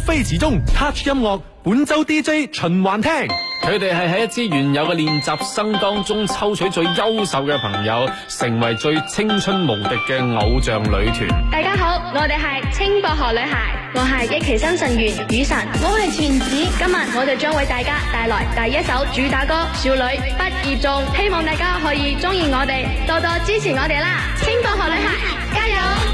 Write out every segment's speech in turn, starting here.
飛馳中 Touch 音樂本周 DJ 循環聽，佢哋係喺一支原有嘅練習生當中抽取最優秀嘅朋友，成為最青春無敵嘅偶像女團。大家好，我哋係青薄荷女孩，我係一期新成員雨神，我係泉子。今日我哋將為大家帶來第一首主打歌《少女畢業頌》不，希望大家可以中意我哋，多多支持我哋啦！青薄荷女孩，加油！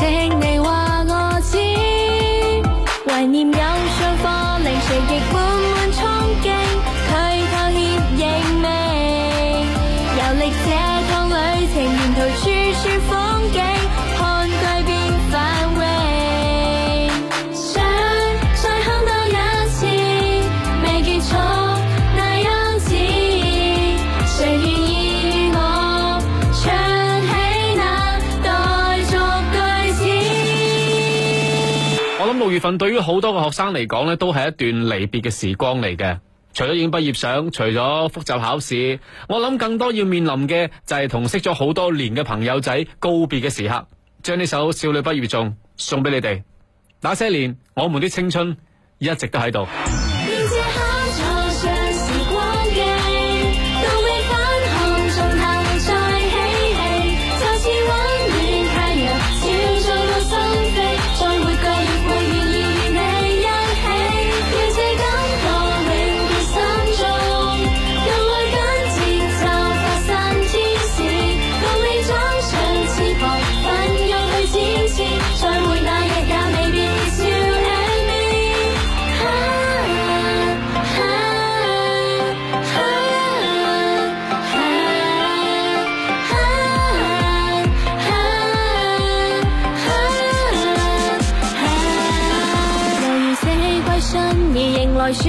六月份對於好多嘅學生嚟講呢，都係一段離別嘅時光嚟嘅。除咗影畢業相，除咗復習考試，我諗更多要面臨嘅就係同識咗好多年嘅朋友仔告別嘅時刻。將呢首《少女畢業頌》送俾你哋。那些年，我們的青春一直都喺度。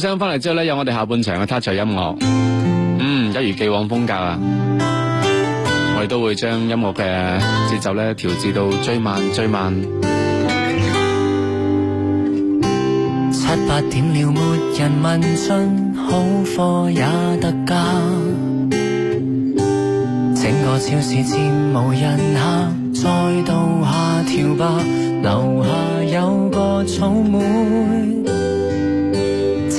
翻嚟之後呢有我哋下半場嘅塔台音樂，嗯，一如既往風格啊！我哋都會將音樂嘅節奏呢調至到最慢最慢。七八點了，沒人問津，好貨也特價，整個超市前無人客，再度下調吧，樓下有個草莓。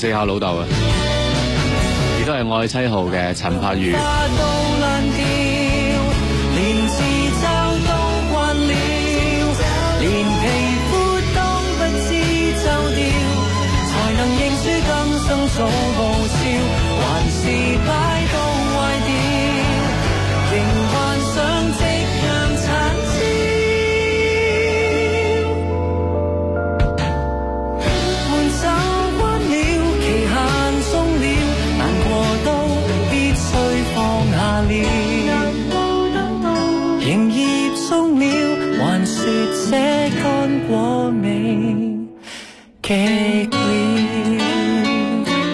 四下老豆啊！亦都係愛妻號嘅陳柏宇。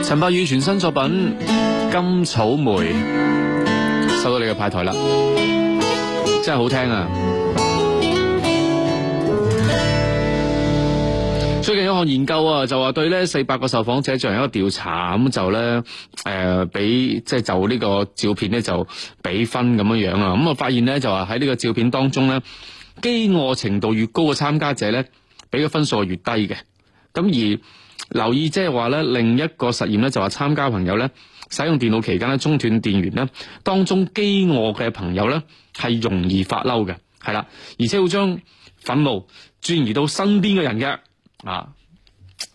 陳柏宇全新作品《金草莓》收到你嘅派台啦，真係好聽啊！最近一項研究啊，就話對呢四百個受訪者進行一個調查，咁就咧誒俾即係就呢、呃俾即係、就呢個照片呢，就俾分咁樣樣啊，咁啊發現呢，就話喺呢個照片當中呢，飢餓程度越高嘅參加者呢。俾嘅分數越低嘅，咁而留意即係話咧，另一個實驗咧就話參加朋友咧使用電腦期間咧中斷電源咧，當中飢餓嘅朋友咧係容易發嬲嘅，係啦，而且會將憤怒轉移到身邊嘅人嘅，啊，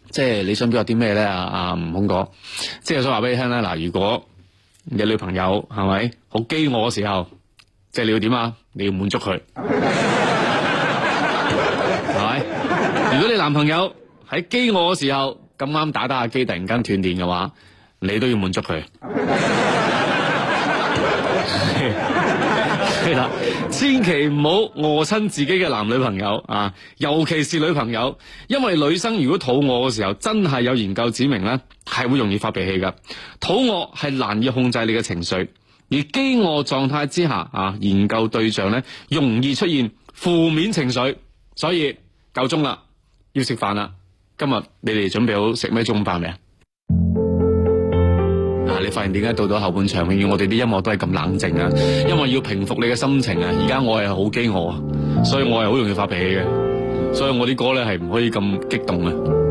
即係你想表達啲咩咧啊啊，吳孔哥，即係我想話俾你聽啦。嗱，如果你女朋友係咪好飢餓嘅時候，即係你要點啊？你要滿足佢。 男朋友喺飢餓嘅時候咁啱打打下機，突然間斷電嘅話，你都要滿足佢。係 啦，千祈唔好餓親自己嘅男女朋友啊，尤其是女朋友，因為女生如果肚餓嘅時候，真係有研究指明咧，係會容易發脾氣嘅。肚餓係難以控制你嘅情緒，而飢餓狀態之下啊，研究對象咧容易出現負面情緒，所以夠鐘啦。要食飯啦！今日你哋準備好食咩中午飯未啊？嗱，你發現，點解到咗後半場，永遠我哋啲音樂都係咁冷靜啊？因為要平復你嘅心情啊！而家我係好飢餓啊，所以我係好容易發脾氣嘅，所以我啲歌咧係唔可以咁激動呀。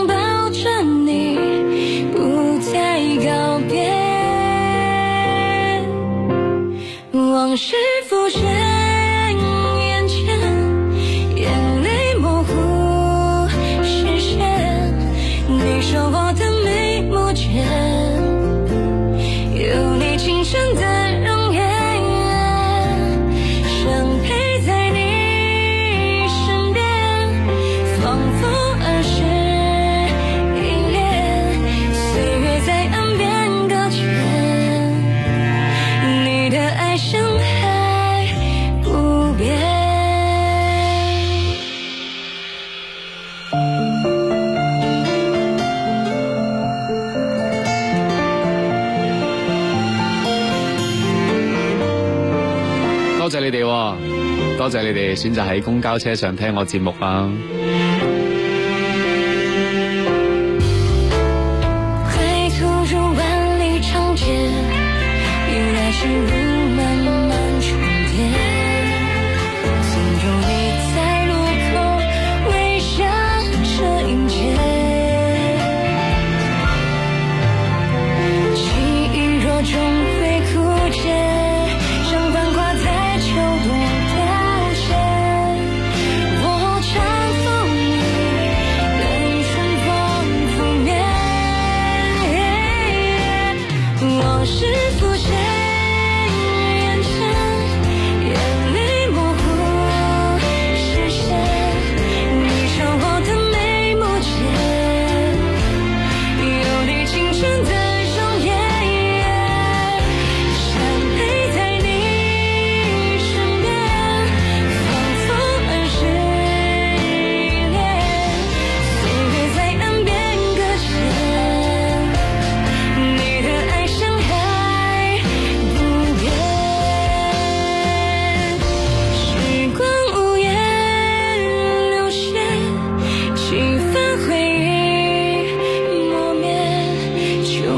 選擇喺公交車上聽我節目啊！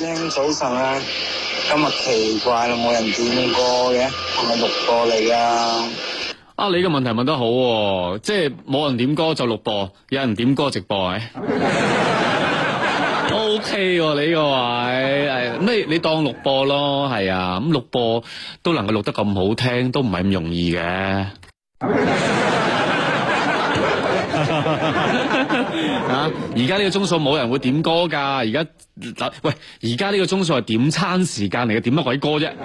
早晨啊，今日奇怪咯，冇人點歌嘅，係咪錄播你啊？啊，你嘅問題問得好、啊，即係冇人點歌就錄播，有人點歌直播 OK 喎，你呢、這個位，咩、哎哎、你,你當錄播咯？係啊，咁錄播都能夠錄得咁好聽，都唔係咁容易嘅。 而家呢個鐘數冇人會點歌噶，而家，喂，而家呢個鐘數係點餐時間嚟嘅，點乜鬼歌啫？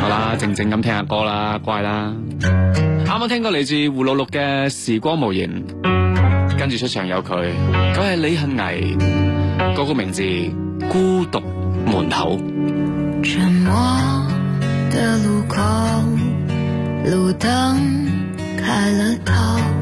好啦，靜靜咁聽下歌啦，乖啦。啱啱 聽過嚟自胡六六嘅《時光無言》，跟住出場有佢，佢係李杏毅，個、那個名字孤獨門口。沉默的路口路燈開了頭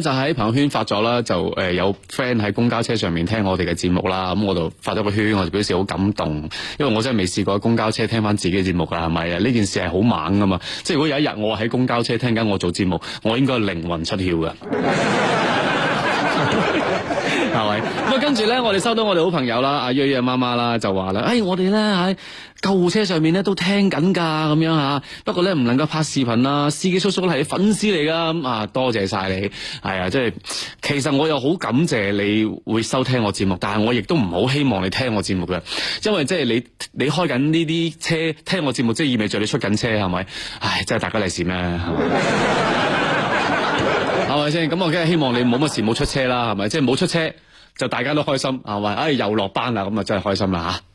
就喺朋友圈發咗啦，就誒有 friend 喺公交車上面聽我哋嘅節目啦，咁我就發咗個圈，我就表示好感動，因為我真係未試過喺公交車聽翻自己嘅節目啦，係咪啊？呢件事係好猛噶嘛，即係如果有一日我喺公交車聽緊我做節目，我應該係靈魂出竅噶。 咁 啊、嗯！跟住咧，我哋收到我哋好朋友啦，阿約約媽媽啦，就話啦，誒、哎，我哋咧喺救護車上面咧都聽緊噶咁樣吓，不過咧唔能夠拍視頻啦，司機叔叔係粉絲嚟噶，咁啊多謝晒你，係、哎、啊，即、就、係、是、其實我又好感謝你會收聽我節目，但係我亦都唔好希望你聽我節目嘅，因為即係你你開緊呢啲車聽我節目，即、就、係、是、意味着你出緊車係咪？唉，真係大家利是咩？係咪先？咁我梗係希望你冇乜事，冇出車啦，係咪？即係冇出車。就大家都開心，啊喂，唉、哎，又落班啦，咁啊真係開心啦嚇！